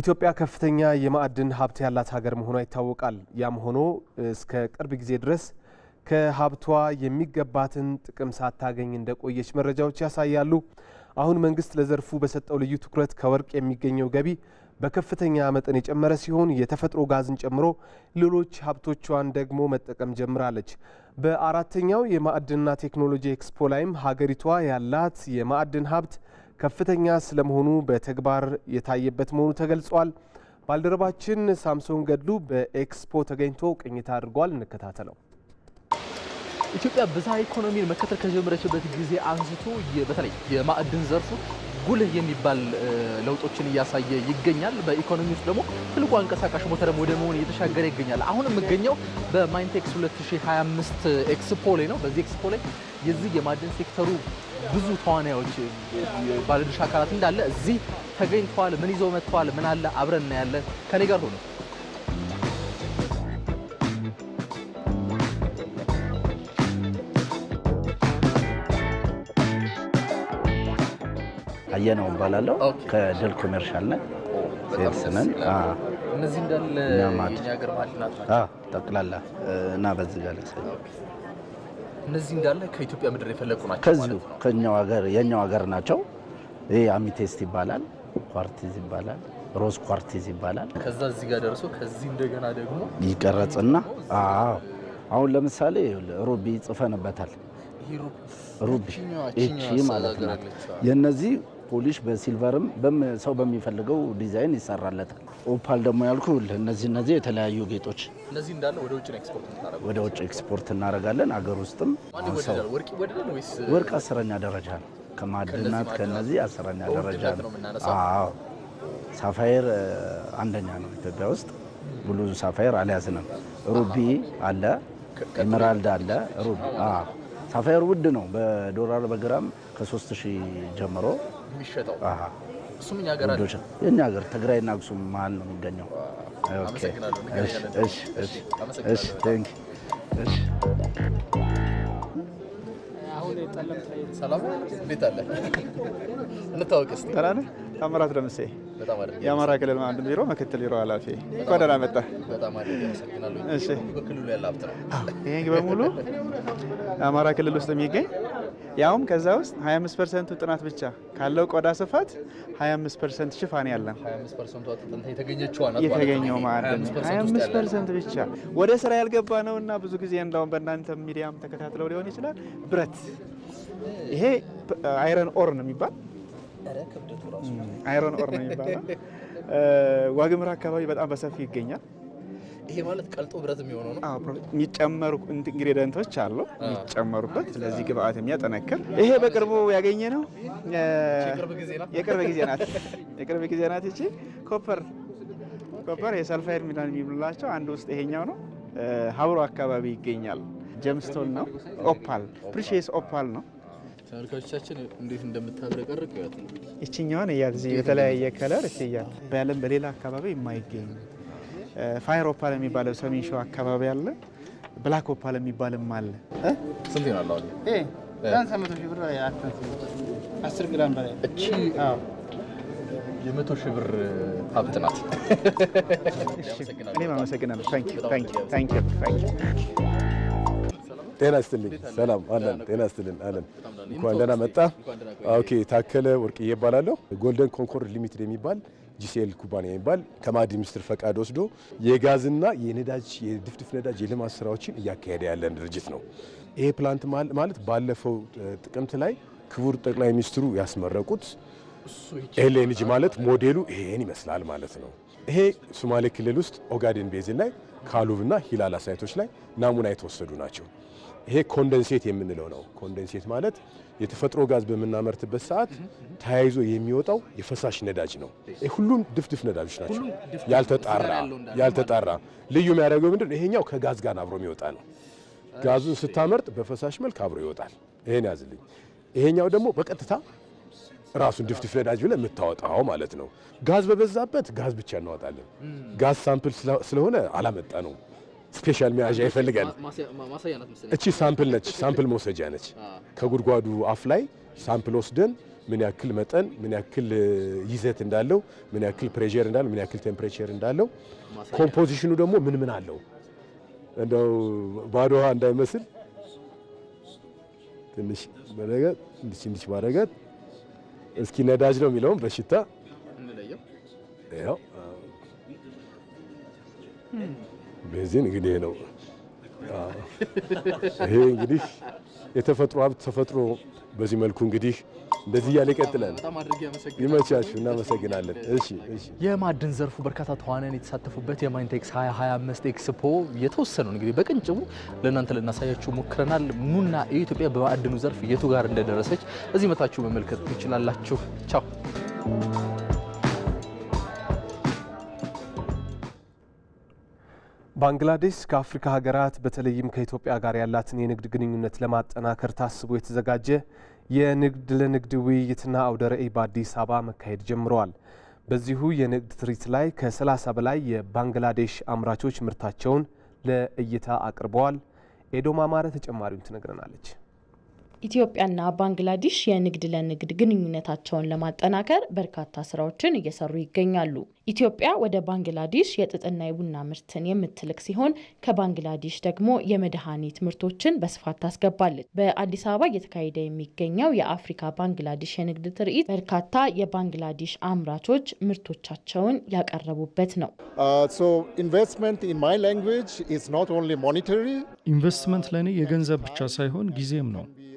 ኢትዮጵያ ከፍተኛ የማዕድን ሀብት ያላት ሀገር መሆኗ ይታወቃል። ያም ሆኖ እስከ ቅርብ ጊዜ ድረስ ከሀብቷ የሚገባትን ጥቅም ሳታገኝ እንደቆየች መረጃዎች ያሳያሉ። አሁን መንግስት ለዘርፉ በሰጠው ልዩ ትኩረት ከወርቅ የሚገኘው ገቢ በከፍተኛ መጠን የጨመረ ሲሆን የተፈጥሮ ጋዝን ጨምሮ ሌሎች ሀብቶቿን ደግሞ መጠቀም ጀምራለች። በአራተኛው የማዕድንና ቴክኖሎጂ ኤክስፖ ላይም ሀገሪቷ ያላት የማዕድን ሀብት ከፍተኛ ስለመሆኑ በተግባር የታየበት መሆኑ ተገልጿል። ባልደረባችን ሳምሶን ገድሉ በኤክስፖ ተገኝቶ ቅኝታ አድርጓል። እንከታተለው። ኢትዮጵያ ብዝሃ ኢኮኖሚን መከተል ከጀመረችበት ጊዜ አንስቶ በተለይ የማዕድን ዘርፉ ጉልህ የሚባል ለውጦችን እያሳየ ይገኛል። በኢኮኖሚ ውስጥ ደግሞ ትልቁ አንቀሳቃሽ ሞተር ወደ መሆን እየተሻገረ ይገኛል። አሁን የምገኘው በማይንቴክስ 2025 ኤክስፖ ላይ ነው። በዚህ ኤክስፖ ላይ የዚህ የማዕድን ሴክተሩ ብዙ ተዋናዮች ባለድርሻ አካላት እንዳለ እዚህ ተገኝተዋል። ምን ይዘው መጥተዋል? ምን አለ? አብረን እናያለን። ከኔ ጋር ሆነው በየነው እባላለሁ። ከድል ኮሜርሻል ነን፣ ሴልስ ነን። እነዚህ እንዳለ የሀገር ማሽናት ጠቅላላ እና በዚህ ጋር ላሳይ። እነዚህ እንዳለ ከኢትዮጵያ ምድር የፈለቁ ናቸው። ከዚሁ ከኛው ሀገር የኛው ሀገር ናቸው። ይሄ አሚቴስት ይባላል፣ ኳርቲዝ ይባላል፣ ሮዝ ኳርቲዝ ይባላል። ከዛ እዚህ ጋር ደርሶ ከዚህ እንደገና ደግሞ ይቀረጽና አዎ አሁን ለምሳሌ ሩቢ ጽፈንበታል። ሩቢ ይቺ ማለት ነው የነዚህ ፖሊሽ በሲልቨርም ሰው በሚፈልገው ዲዛይን ይሰራለታል። ኦፓል ደግሞ ያልኩ እነዚህ እነዚህ የተለያዩ ጌጦች እነዚህ እንዳለ ወደ ውጭ ኤክስፖርት እናደርጋለን። አገር ውስጥም ወርቅ አስረኛ ደረጃ ነው። ከማዕድናት ከነዚህ አስረኛ ደረጃ ነው። ሳፋየር አንደኛ ነው ኢትዮጵያ ውስጥ። ብሉ ሳፋየር አልያዝንም። ሩቢ አለ፣ ኤሜራልድ አለ። ሩቢ ሳፋየር ውድ ነው። በዶላር በግራም ከ3000 ጀምሮ የሚሸጠው እሱም እኛ ሀገር አለ። የእኛ ሀገር ትግራይና አክሱም መሀል ነው የሚገኘው። ታምራት ደምሴ የአማራ ክልል አንድ ቢሮ ምክትል ቢሮ ኃላፊ እንኳን ደህና መጣህ። ይህ በሙሉ አማራ ክልል ውስጥ የሚገኝ ያውም ከዛ ውስጥ 25 ፐርሰንቱ ጥናት ብቻ ካለው ቆዳ ስፋት 25 ፐርሰንት ሽፋን ያለን የተገኘው ማዕድን 25 ፐርሰንት ብቻ ወደ ስራ ያልገባ ነው እና ብዙ ጊዜ እንዳውም በእናንተ ሚዲያም ተከታትለው ሊሆን ይችላል። ብረት ይሄ አይረን ኦር ነው የሚባል አይረን ኦር ነው የሚባለው። ዋግምራ አካባቢ በጣም በሰፊ ይገኛል። ይሄ ማለት ቀልጦ ብረት የሚሆነው ነው። አዎ የሚጨመሩ ኢንግሬዲየንቶች አሉ የሚጨመሩበት፣ ስለዚህ ግብአት የሚያጠነክር ይሄ በቅርቡ ያገኘ ነው። የቅርብ ጊዜ ናት። የቅርብ ጊዜ ናት። ይቺ ኮፐር ኮፐር የሰልፋይድ ሚላን የሚብሉላቸው አንድ ውስጥ ይሄኛው ነው። ሀብሮ አካባቢ ይገኛል። ጀምስቶን ነው። ኦፓል ፕሪሽስ ኦፓል ነው። ተመልካቾቻችን እንዴት እንደምታብረቀርቅ ይችኛዋን እያት እዚህ የተለያየ ከለር እያል በዓለም በሌላ አካባቢ የማይገኝ ፋይር ኦፓል የሚባለው ሰሜን ሸዋ አካባቢ አለ። ብላክ ኦፓል የሚባልም አለ። ስንት ይሆናል አሁን? አስር ግራም በላይ እቺ የመቶ ሺህ ብር ሀብት ናት። እኔም አመሰግናለሁ። ታንኪ ታንኪ ታንኪ ታንኪ ጤና ይስጥልኝ። ሰላም አለን። ጤና ይስጥልን አለን። እንኳን ደህና መጣ። ኦኬ ታከለ ወርቅዬ እባላለሁ። ጎልደን ኮንኮርድ ሊሚትድ የሚባል ጂሲኤል ኩባንያ የሚባል ከማዕድን ሚኒስቴር ፈቃድ ወስዶ የጋዝና የነዳጅ የድፍድፍ ነዳጅ የልማት ስራዎችን እያካሄደ ያለን ድርጅት ነው። ይሄ ፕላንት ማለት ባለፈው ጥቅምት ላይ ክቡር ጠቅላይ ሚኒስትሩ ያስመረቁት ኤልኤንጂ ማለት ሞዴሉ ይሄን ይመስላል ማለት ነው። ይሄ ሶማሌ ክልል ውስጥ ኦጋዴን ቤዝን ላይ ካሉብና ሂላላ ሳይቶች ላይ ናሙና የተወሰዱ ናቸው። ይሄ ኮንደንሴት የምንለው ነው። ኮንደንሴት ማለት የተፈጥሮ ጋዝ በምናመርትበት ሰዓት ተያይዞ የሚወጣው የፈሳሽ ነዳጅ ነው። ሁሉም ድፍድፍ ነዳጆች ናቸው። ያልተጣራ ያልተጣራ ልዩ የሚያደርገው ምንድን ነው? ይሄኛው ከጋዝ ጋር አብሮ የሚወጣ ነው። ጋዙን ስታመርጥ በፈሳሽ መልክ አብሮ ይወጣል። ይሄን ያዝልኝ። ይሄኛው ደግሞ በቀጥታ ራሱን ድፍድፍ ነዳጅ ብለ የምታወጣው ማለት ነው። ጋዝ በበዛበት ጋዝ ብቻ እናወጣለን። ጋዝ ሳምፕል ስለሆነ አላመጣ ነው ስፔሻል መያዣ ይፈልጋል። እቺ ሳምፕል ነች፣ ሳምፕል መውሰጃ ነች። ከጉድጓዱ አፍ ላይ ሳምፕል ወስደን ምን ያክል መጠን፣ ምን ያክል ይዘት እንዳለው፣ ምን ያክል ፕሬሸር እንዳለው፣ ምን ያክል ቴምፕሬቸር እንዳለው፣ ኮምፖዚሽኑ ደግሞ ምን ምን አለው እንደው ባዶ ውሃ እንዳይመስል ትንሽ በረገጥ እንዲች እንዲች ባረገጥ እስኪ ነዳጅ ነው የሚለውም በሽታ ያው ቤንዚን እንግዲህ ነው። ይሄ እንግዲህ የተፈጥሮ ሀብት ተፈጥሮ በዚህ መልኩ እንግዲህ እንደዚህ እያለ ይቀጥላል። ይመቻችሁ፣ እናመሰግናለን። እሺ እሺ። የማዕድን ዘርፉ በርካታ ተዋናያን የተሳተፉበት የማይንቴክስ 2025 ኤክስፖ የተወሰኑ እንግዲህ በቅንጭቡ ለእናንተ ልናሳያችሁ ሞክረናል። ኑና የኢትዮጵያ በማዕድኑ ዘርፍ የቱ ጋር እንደደረሰች እዚህ መታችሁ መመልከት ትችላላችሁ። ቻው ባንግላዴሽ ከአፍሪካ ሀገራት በተለይም ከኢትዮጵያ ጋር ያላትን የንግድ ግንኙነት ለማጠናከር ታስቦ የተዘጋጀ የንግድ ለንግድ ውይይትና አውደ ርዕይ በአዲስ አበባ መካሄድ ጀምረዋል። በዚሁ የንግድ ትርኢት ላይ ከ30 በላይ የባንግላዴሽ አምራቾች ምርታቸውን ለእይታ አቅርበዋል። ኤዶማማረ አማረ ተጨማሪውን ትነግረናለች። ኢትዮጵያና ባንግላዴሽ የንግድ ለንግድ ግንኙነታቸውን ለማጠናከር በርካታ ስራዎችን እየሰሩ ይገኛሉ። ኢትዮጵያ ወደ ባንግላዴሽ የጥጥና የቡና ምርትን የምትልክ ሲሆን ከባንግላዴሽ ደግሞ የመድኃኒት ምርቶችን በስፋት ታስገባለች። በአዲስ አበባ እየተካሄደ የሚገኘው የአፍሪካ ባንግላዴሽ የንግድ ትርኢት በርካታ የባንግላዴሽ አምራቾች ምርቶቻቸውን ያቀረቡበት ነው። ኢንቨስትመንት uh, ለእኔ የገንዘብ ብቻ ሳይሆን ጊዜም ነው።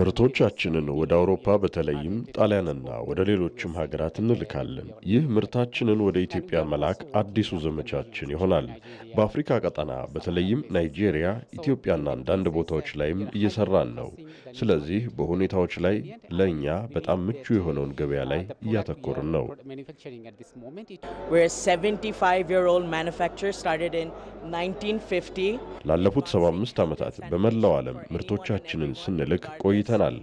ምርቶቻችንን ወደ አውሮፓ በተለይም ጣሊያንና ወደ ሌሎችም ሀገራት እንልካለን። ይህ ምርታችንን ወደ ኢትዮጵያ መላክ አዲሱ ዘመቻችን ይሆናል። በአፍሪካ ቀጠና በተለይም ናይጄሪያ፣ ኢትዮጵያና አንዳንድ ቦታዎች ላይም እየሰራን ነው። ስለዚህ በሁኔታዎች ላይ ለእኛ በጣም ምቹ የሆነውን ገበያ ላይ እያተኮርን ነው። ላለፉት 75 ዓመታት በመላው ዓለም ምርቶቻችንን ስንልክ ቆይተናል።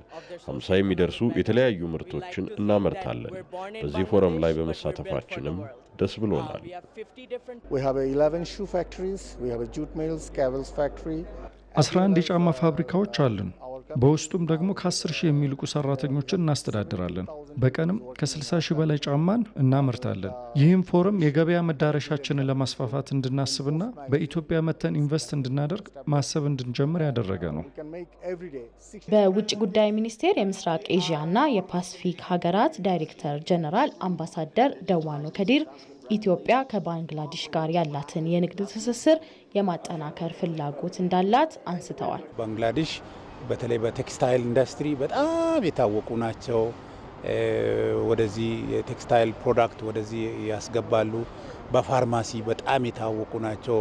ሀምሳ የሚደርሱ የተለያዩ ምርቶችን እናመርታለን። በዚህ ፎረም ላይ በመሳተፋችንም ደስ ብሎናል። አስራ አንድ የጫማ ፋብሪካዎች አሉን። በውስጡም ደግሞ ከአስር ሺህ የሚልቁ ሰራተኞችን እናስተዳድራለን። በቀንም ከ60 ሺህ በላይ ጫማን እናመርታለን። ይህም ፎረም የገበያ መዳረሻችንን ለማስፋፋት እንድናስብና በኢትዮጵያ መተን ኢንቨስት እንድናደርግ ማሰብ እንድንጀምር ያደረገ ነው። በውጭ ጉዳይ ሚኒስቴር የምስራቅ ኤዥያና የፓስፊክ ሀገራት ዳይሬክተር ጀነራል አምባሳደር ደዋኖ ከዲር ኢትዮጵያ ከባንግላዴሽ ጋር ያላትን የንግድ ትስስር የማጠናከር ፍላጎት እንዳላት አንስተዋል። ባንግላዴሽ በተለይ በቴክስታይል ኢንዱስትሪ በጣም የታወቁ ናቸው። ወደዚህ የቴክስታይል ፕሮዳክት ወደዚህ ያስገባሉ። በፋርማሲ በጣም የታወቁ ናቸው።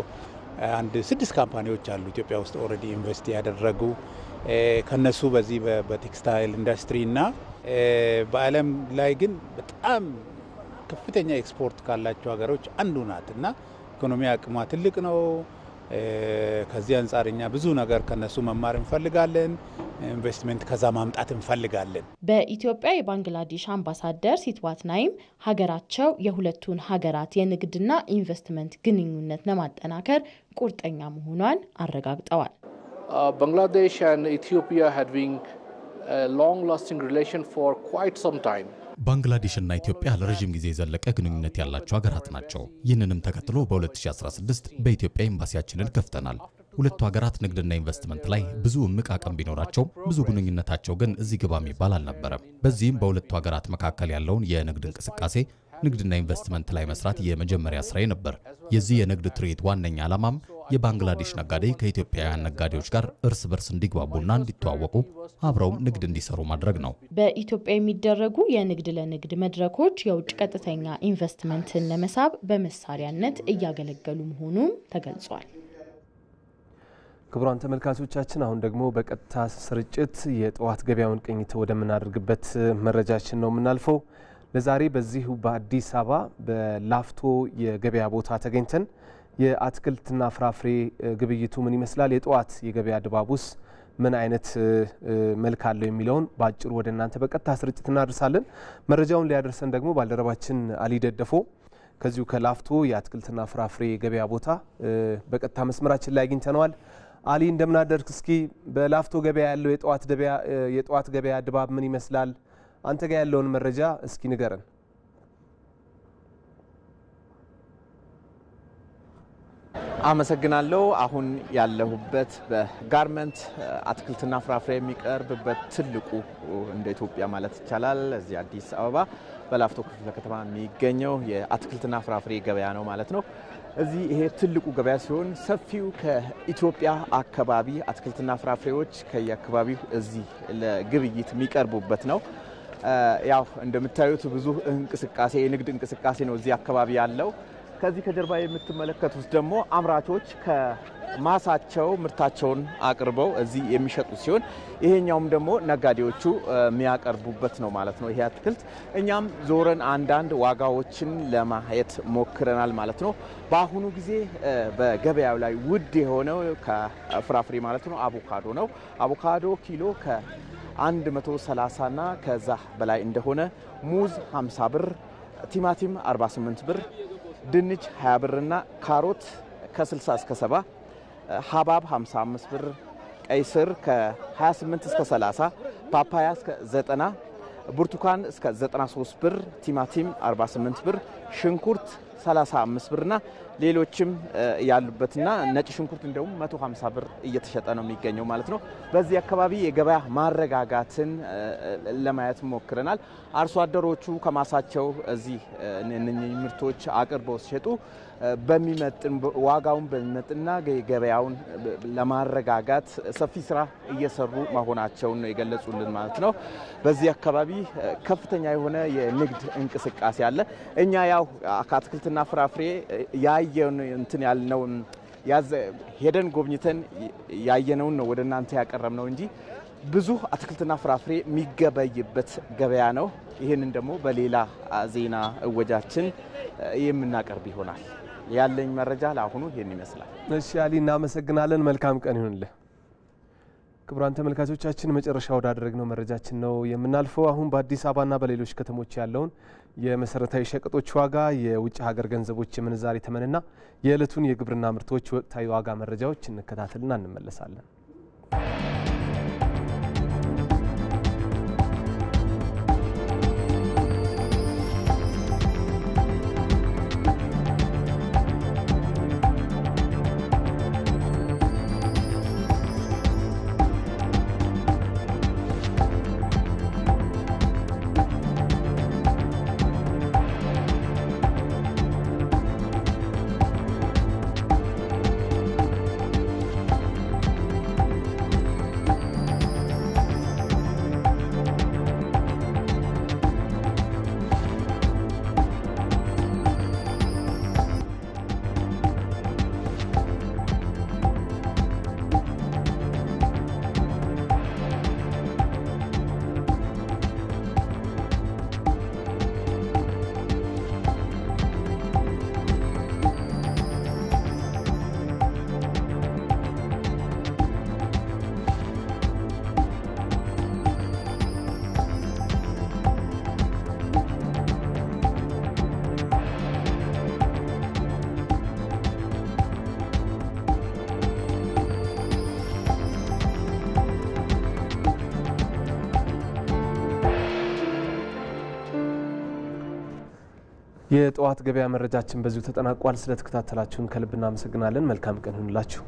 አንድ ስድስት ካምፓኒዎች አሉ ኢትዮጵያ ውስጥ ኦልሬዲ ኢንቨስት ያደረጉ ከነሱ በዚህ በቴክስታይል ኢንዱስትሪ እና በዓለም ላይ ግን በጣም ከፍተኛ ኤክስፖርት ካላቸው ሀገሮች አንዱ ናት እና ኢኮኖሚ አቅሟ ትልቅ ነው። ከዚህ አንጻር እኛ ብዙ ነገር ከነሱ መማር እንፈልጋለን። ኢንቨስትመንት ከዛ ማምጣት እንፈልጋለን። በኢትዮጵያ የባንግላዴሽ አምባሳደር ሲትዋት ናይም ሀገራቸው የሁለቱን ሀገራት የንግድና ኢንቨስትመንት ግንኙነት ለማጠናከር ቁርጠኛ መሆኗን አረጋግጠዋል። ባንግላዴሽ ኢትዮጵያ ሃድ ቢን ሎንግ ላስቲንግ ሪሌሽን ፎር ኳይት ሶም ታይም ባንግላዴሽና ኢትዮጵያ ለረዥም ጊዜ የዘለቀ ግንኙነት ያላቸው ሀገራት ናቸው። ይህንንም ተከትሎ በ2016 በኢትዮጵያ ኤምባሲያችንን ከፍተናል። ሁለቱ ሀገራት ንግድና ኢንቨስትመንት ላይ ብዙ እምቅ አቅም ቢኖራቸው ብዙ ግንኙነታቸው ግን እዚህ ግባ የሚባል አልነበረም። በዚህም በሁለቱ ሀገራት መካከል ያለውን የንግድ እንቅስቃሴ ንግድና ኢንቨስትመንት ላይ መስራት የመጀመሪያ ስራዬ ነበር። የዚህ የንግድ ትርኢት ዋነኛ ዓላማም የባንግላዴሽ ነጋዴ ከኢትዮጵያውያን ነጋዴዎች ጋር እርስ በርስ እንዲግባቡና እንዲተዋወቁ አብረውም ንግድ እንዲሰሩ ማድረግ ነው። በኢትዮጵያ የሚደረጉ የንግድ ለንግድ መድረኮች የውጭ ቀጥተኛ ኢንቨስትመንትን ለመሳብ በመሳሪያነት እያገለገሉ መሆኑም ተገልጿል። ክቡራን ተመልካቾቻችን አሁን ደግሞ በቀጥታ ስርጭት የጠዋት ገበያውን ቅኝት ወደምናደርግበት መረጃችን ነው የምናልፈው። ለዛሬ በዚሁ በአዲስ አበባ በላፍቶ የገበያ ቦታ ተገኝተን የአትክልትና ፍራፍሬ ግብይቱ ምን ይመስላል? የጠዋት የገበያ ድባቡስ ምን አይነት መልክ አለው የሚለውን በአጭሩ ወደ እናንተ በቀጥታ ስርጭት እናደርሳለን። መረጃውን ሊያደርሰን ደግሞ ባልደረባችን አሊ ደደፎ ከዚሁ ከላፍቶ የአትክልትና ፍራፍሬ ገበያ ቦታ በቀጥታ መስመራችን ላይ አግኝተነዋል። አሊ እንደምናደርግ እስኪ በላፍቶ ገበያ ያለው የጠዋት ገበያ ድባብ ምን ይመስላል? አንተ ጋር ያለውን መረጃ እስኪ ንገረን። አመሰግናለሁ። አሁን ያለሁበት በጋርመንት አትክልትና ፍራፍሬ የሚቀርብበት ትልቁ እንደ ኢትዮጵያ ማለት ይቻላል እዚህ አዲስ አበባ በላፍቶ ክፍለ ከተማ የሚገኘው የአትክልትና ፍራፍሬ ገበያ ነው ማለት ነው። እዚህ ይሄ ትልቁ ገበያ ሲሆን ሰፊው ከኢትዮጵያ አካባቢ አትክልትና ፍራፍሬዎች ከየአካባቢው እዚህ ለግብይት የሚቀርቡበት ነው። ያው እንደምታዩት ብዙ እንቅስቃሴ የንግድ እንቅስቃሴ ነው እዚህ አካባቢ ያለው። ከዚህ ከጀርባ የምትመለከቱት ደግሞ አምራቾች ከማሳቸው ምርታቸውን አቅርበው እዚህ የሚሸጡ ሲሆን ይሄኛውም ደግሞ ነጋዴዎቹ የሚያቀርቡበት ነው ማለት ነው። ይሄ አትክልት እኛም ዞረን አንዳንድ ዋጋዎችን ለማየት ሞክረናል ማለት ነው። በአሁኑ ጊዜ በገበያው ላይ ውድ የሆነው ከፍራፍሬ ማለት ነው አቮካዶ ነው። አቮካዶ ኪሎ ከ 130 ና ከዛ በላይ እንደሆነ ሙዝ 50 ብር፣ ቲማቲም 48 ብር ድንች 20 ብር እና ካሮት ከ60 እስከ 70፣ ሀባብ 55 ብር፣ ቀይ ስር ከ28 እስከ 30፣ ፓፓያ እስከ 90፣ ብርቱካን እስከ 93 ብር፣ ቲማቲም 48 ብር፣ ሽንኩርት 35 ብርና ሌሎችም ያሉበትና ነጭ ሽንኩርት እንደውም 150 ብር እየተሸጠ ነው የሚገኘው ማለት ነው። በዚህ አካባቢ የገበያ ማረጋጋትን ለማየት ሞክረናል። አርሶ አደሮቹ ከማሳቸው እዚህ እነኚህ ምርቶች አቅርበው ሲሸጡ በሚመጥን ዋጋውን በሚመጥና ገበያውን ለማረጋጋት ሰፊ ስራ እየሰሩ መሆናቸውን ነው የገለጹልን ማለት ነው። በዚህ አካባቢ ከፍተኛ የሆነ የንግድ እንቅስቃሴ አለ። እኛ ያው ከአትክልት አትክልትና ፍራፍሬ ያየን እንትን ያልነው ሄደን ጎብኝተን ያየነውን ነው ወደ እናንተ ያቀረብነው እንጂ ብዙ አትክልትና ፍራፍሬ የሚገበይበት ገበያ ነው። ይህንን ደግሞ በሌላ ዜና እወጃችን የምናቀርብ ይሆናል። ያለኝ መረጃ ለአሁኑ ይህን ይመስላል። እሺ አሊ፣ እናመሰግናለን። መልካም ቀን ይሁንልህ። ክቡራን ተመልካቾቻችን መጨረሻ ወዳደረግነው መረጃችን ነው የምናልፈው። አሁን በአዲስ አበባና በሌሎች ከተሞች ያለውን የመሰረታዊ ሸቀጦች ዋጋ፣ የውጭ ሀገር ገንዘቦች የምንዛሬ ተመንና የዕለቱን የግብርና ምርቶች ወቅታዊ ዋጋ መረጃዎች እንከታተልና እንመለሳለን። የጠዋት ገበያ መረጃችን በዚሁ ተጠናቋል። ስለተከታተላችሁን ከልብ እናመሰግናለን። መልካም ቀን ይሁንላችሁ።